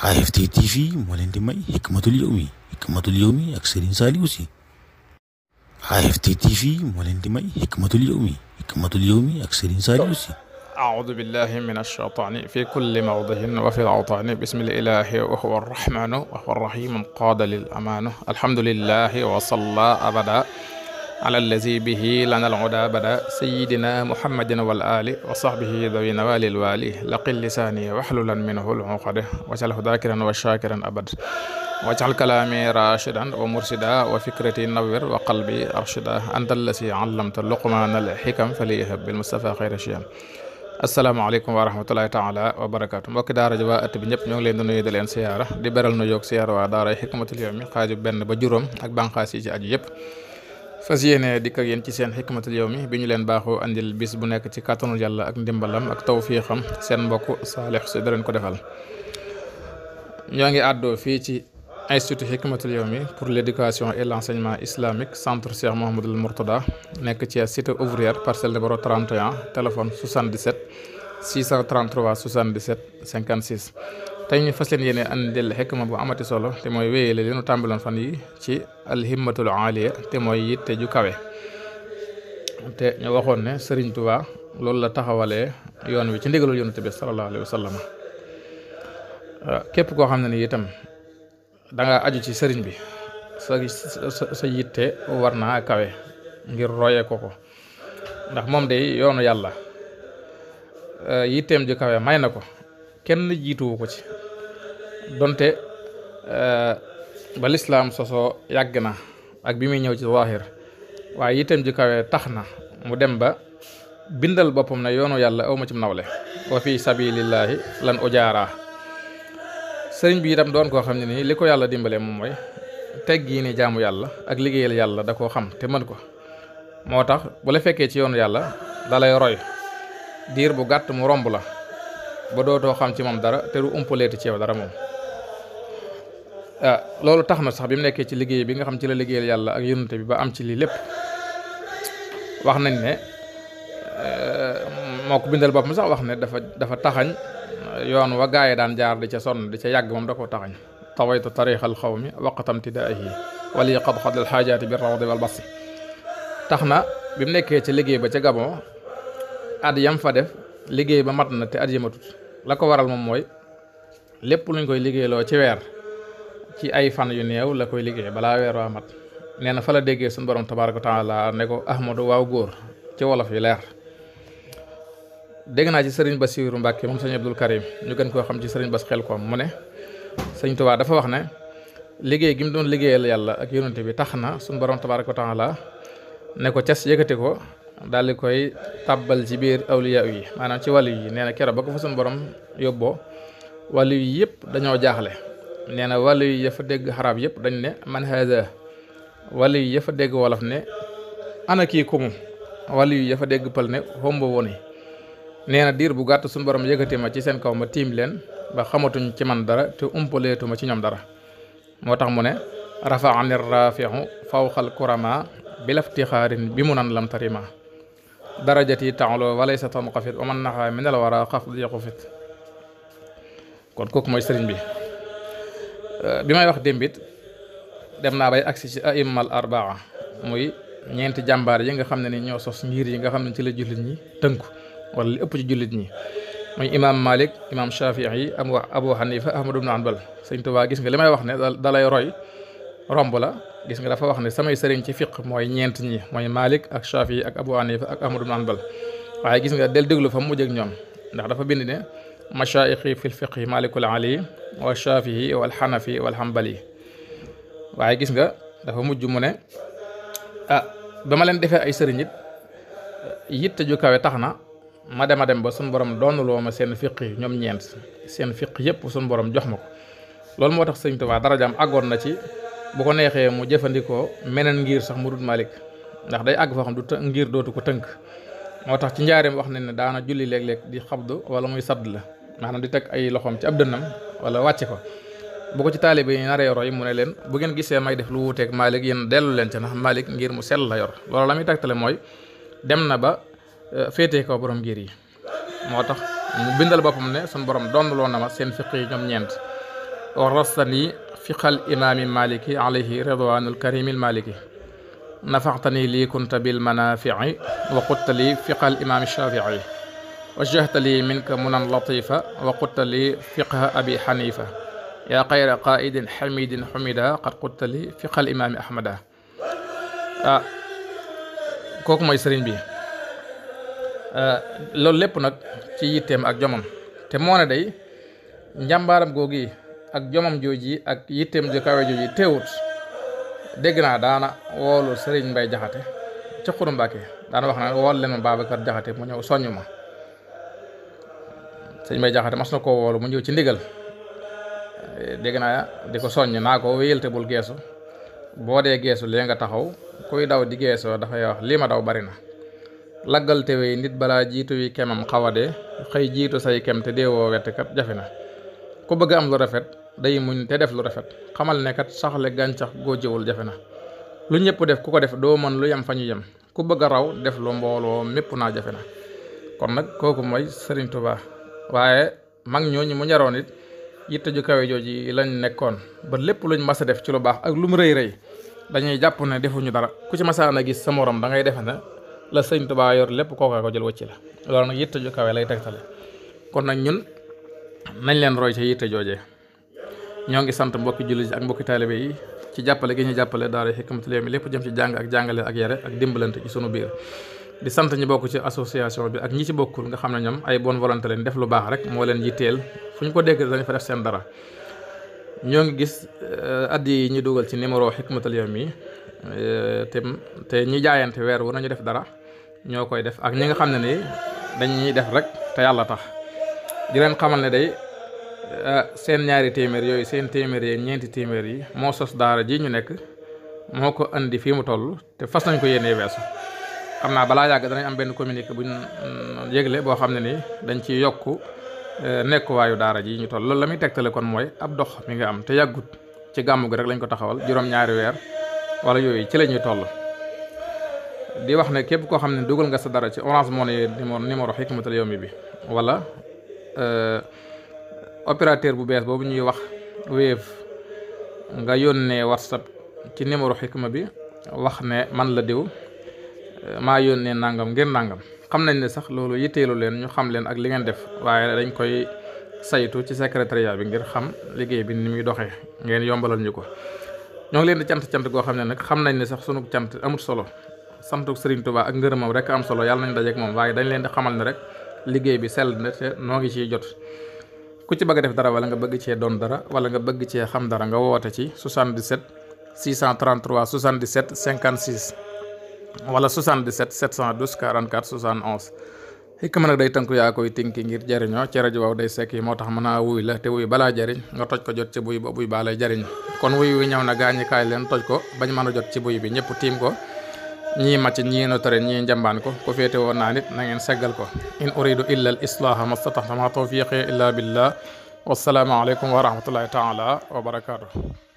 AFT TV moo leen di may xikmatul yawmi xikmatul yawmi ak Serigne Saliou Sy AFT TV moo leen di may xikmatul yawmi xikmatul yawmi ak Serigne Saliou Sy أعوذ بالله من الشيطان في كل موضع وفي الأوطان بسم الإله وهو الرحمن وهو الرحيم قاد للأمان الحمد لله وصلى أبدا ala allazi bihi lana alhuda bada sayidina muhammadin wal ali wa sahbihi dawi nawalil wali laqil lisaani waxlulan minhu lxuqade waj'alhu dakiran wa shakiran abad waj'al kalaami rashidan wa mursida wa fikrati nawwir wa qalbi arshida anta allazi allamta luqmaana alxikam faliyahab bilmustafa xayra shiyam asalaamaaleykum wa rahmatulahi taala wa barakaatu mbokki daara ji waa ëtt bi ñëpp ñoo ngi leen di nuyu di leen siyaara di beral nu yoog siyaara waa daara xikmatul yawmi xaaju benn ba juróom ak banqaas yi ci aju yëpp fas yéene dikk ak yéen ci seen xikmatul mi bi ñu leen baaxoo andil bis bu nekk ci kàttanul yàlla ak ndimbalam ak tawfiixam seen mbokk Saalix si da leen ko defal ñoo ngi àddoo fii ci institut xikmatul yawmi pour l'éducation et l'enseignement islamique centre Cheikh Mouhamadul Mourtada nekk ci cité ouvrière parcelle numéro 31 téléphone 77 633 77 56 tey ñu fas leen yéene an dell xikma bu amati solo te mooy wéyale leenu tàmbaloon fan yi ci alhimmatul aaliya te mooy yitte ju kawe te ñu waxoon ne Sëriñ Tuubaa loolu la taxawalee yoon wi ci ndigalul yonent bi sallallahu alayhi wa ah, képp koo xam ne ni itam danga aju ci sëriñ bi sa sa yitte war naa kawe ngir roye ko ko ndax moom de yoonu yàlla ah, yitteem ju kawe may na ko kenn jiituwu ko ci donte eh, ba lislaam sosoo yàgg na ak bi muy ñëw ci zaahir waaye itam ji kawe tax na mu dem ba bindal boppam na yoonu yàlla awma ci nawle wa fi sabilillahi lan ujaara sëriñ bi itam doon koo xam ne nii li ko yàlla dimbalee moom mooy tegg yi ne jaamu yàlla ak liggéeyal yàlla da koo xam te mën ko moo tax bu la fekkee ci yoonu yàlla dalay roy diir bu gàtt mu romb la ba dootoo xam ci moom dara te du umpaleeti ci dara moom Ah, loolu tax na sax bi mu nekkee ci liggéey bi nga xam ci la liggéeyal yàlla ak yonent bi ba am ci lii lépp wax nañ ne eh, moo ko bindal bopp mi sax wax ne dafa dafa taxañ yoon wa gaaye daan jaar di ca sonn di ca yàgg moom da ko taxañ tawaytu tarixal xawmi waqtam tidaahi wali qad xadal xaajaati bi rawdi wal basi tax na bi mu nekkee ca liggéey ba ca Gabon at yam fa def liggéey ba mat na te at yamatut la ko waral moom mooy lépp luñ koy liggéeyloo ci weer ci ay fan yu neew la koy liggéey balaa weer waa mat nee na fa la déggee suñu borom tabaaraka taala ne ko Ahmadou waaw góor ci wolof yi leer dégg naa ci sëriñ Bassirou Mbacke moom sëñ Abdul Karim ñu gën koo xam ci sëriñ Bass xel koom mu ne sëñ Tuubaa dafa wax ne liggéey gi mu doon liggéeyal yàlla ak yonante bi tax na suñu borom tabaaraka taala ne ko cas yëkkati ko daal di koy tàbbal ci biir awliya yi maanaam ci wàllu yi nee na keroog ba ko fa suñu borom yóbboo wàllu yi yëpp dañoo jaaxle. nee na wàllu yi a dégg xarab yëpp dañ ne man haada wàllu yi yafa dégg wolof ne ana kii kumu yu yi yafa dégg pël ne xomba woni nee diir bu gàtt suñu borom yëkkati ma ci seen kaw ma tiim leen ba xamatuñ ci man dara te umpaleetu ma ci ñoom dara moo tax mu ne rafaani rafihu fawqal kurama bilaftixaarin bi mu nan lam tarima darajati taxlo walaysa tanqafit wa man naxaa minal wara xaf diqu fit kon kooku mooy sëriñ bi Euh, bi may wax démbit dem naa bay agsi ci aimal arbaa muy ñeenti jàmbaar yi nga xam ne ni ñoo sos ngir yi nga xam ne ci la jullit ñi tënku wala li ëpp ci jullit ñi muy imaam Malik imaam Shafii yi am wax Abu Hanifa Ahmadu ibnu Hanbal sëñ Tuubaa gis nga li may wax ne da lay roy romb la gis nga dafa wax ne samay sëriñ ci fiq mooy ñeent ñi mooy Malik ak Shafii ak Abu Hanifa ak Ahmadu ibnu waaye gis nga del déglu fa mu mujj ñoom ndax dafa bind ne mashaayixi wal shafii wal xanafi wal xambali waaye gis nga dafa mujj mu ne a ah, ba ma leen defee ay sëriñ it yitte ju tax na ma dema dem ba suñ borom doonuloo ma seen fiq yi ñoom ñeent seen fiq yëpp suñ borom jox ma ko loolu moo tax sëriñ waa darajaam àggoon na ci bu ko neexee mu jëfandikoo meneen ngir sax mu dut Malik ndax day àgg foo xam du ngir dootu ko tënk moo tax ci njaareem wax nañ ne daana julli léeg-léeg di xabdu wala muy sadd la maanaam di teg ay loxoom ci ab wala wàcce ko bu ko ci taalibe yi naree roy mu ne leen bu ngeen gisee may def lu wuuteeg Malick yéen dellu leen ci ndax Malick ngir mu sell la yor loolu la muy tegtale mooy dem na ba euh, féetee ko borom ngir yi moo tax mu bindal boppam ne suñu borom donnaloo na ma seen fiq yi ñoom ñeent warasani fiqal imaami maliki alayhi ridwanul karimil maliki nafaxtani lii kunta bil manafii wa qutta lii fiqal imaami shafii wajjahta li minka munan latifa wa qutta li fiqha abi xanifa yaa xayra qaidin xamidin xumida qad qutta li fiqha al ahmada ah kooku mooy sëriñ bi loolu lépp nag ci yitteem ak jomam te moo ne day njàmbaaram googi ak jomam jooji ak yitteem ju kawe jooji teewut dégg naa daana woolu sëriñ Mbay Jaxate ci Xuru Mbàkke daana wax na wool leen ma Babacar Jaxate mu ñëw soññ sëñ Mbay Jaxate mas na koo woolu mu ñëw ci ndigal dégg naa di ko soññ naa ko wéyal bul geesu boo dee geesu lee nga taxaw kuy daw di geesoo dafay wax lii ma daw bari na laggal te nit balaa jiitu yi kemam xaw a dee xëy jiitu say kem te deewoo wett kat jafe na ku bëgg am lu rafet day muñ te def lu rafet xamal nekkat saxle gàncax goo jiwul jafe na lu ñëpp def ku ko def doo mën lu yem fa ñu yem ku bëgg a raw def lu mbooloo mépp naa jafe na kon nag kooku mooy Serigne waaye mag ñooñu mu ñaroon it yitte ju kawe jooji lañ nekkoon ba lépp luñ mas a def ci lu baax ak lu mu rëy rëy dañuy jàpp ne defuñu dara ku ci masaan a gis sa morom da ngay defe ne la sëñ Tuubaa yor lépp kooka ko jël wëcc la loolu nag yitte ju kawe lay tegtale kon nag ñun nañ leen roy ci yitte jooje ñoo ngi sant mbokki jullit ak mbokki taalibe yi ci jàppale gi ñu jàppale daara Hikmatul Yawmi lépp jëm ci jàng ak jàngale ak yare ak dimbalante ci sunu biir di sant ñi bokk ci association bi ak ñi ci bokkul nga xam ne ñoom ay bon volonté leen def lu baax rek moo leen yitteel fu ñu ko dégg dañ fa def seen dara ñoo ngi gis eh, addi yi ñu dugal ci numéro Hikmatul Yawmi yi eh, te te ñi jaayante weer wu nañu def dara ñoo koy def ak ñi nga xam ne ni dañuy def rek te yàlla tax di leen xamal ne day eh, seen ñaari téeméer yooyu seen téeméer yi ñeenti téeméer yi moo sos daara ji ñu nekk moo ko indi fii mu toll te fas nañ ko yéenee weesu xam naa balaa yàgg danañ am benn communiqué ñu mm, yëgle boo xam ne ni dañ ci yokk euh, nekkuwaayu daara ji ñu toll loolu la muy tegtale kon mooy ab dox mi ngi am te yàggut ci gàmmu gi rek lañ ko taxawal juróom-ñaari weer wala yooyu ci la ñuy toll di wax ne képp koo xam ne dogal nga sa dara ci Orange Money numéro numéro Hikmatul Yawmi bi wala euh, opérateur bu bees boobu ñuy wax Wave nga yónnee WhatsApp ci numéro Hikma bi wax ne man la diw maa yoon yónnee nangam ngir nangam xam nañ ne sax loolu yitteelu leen ñu xam leen ak li ngeen def waaye dañ koy saytu ci secrétariat bi ngir xam liggéey bi ni muy doxee ngeen yombalal ñu ko. ñoo ngi leen di cant cant goo xam ne nag xam nañ ne sax sunu cant amut solo santuk Serigne Touba ak moom rek am solo yàlla nañ dajeek moom waaye dañ leen di xamal ne rek liggéey bi sel na te noo ngi ciy jot. ku ci bëgg def dara wala nga bëgg cee doon dara wala nga cee xam dara nga woote ci 77 633 77 56. wala 77 712 44 71 xikma nag day tënku yaa koy tinki ngir jariñoo ci rajo waaw day sekk moo tax mën a wuy la te wuy balaa jariñ nga toj ko jot ci buy ba buy baa lay jariñ kon wuy wi ñëw na gaañukaay kaay leen toj ko bañ mën a jot ci buy bi ñëpp tiim ko ñii màcc ñii notare ñii njambaan ko ku féete woon naa nit na ngeen seggal ko in uridu illa al islaaha mastataxta ma tawfiqi illa billah wasalaamu aleykum wa rahmatullahi taala wa barakaatu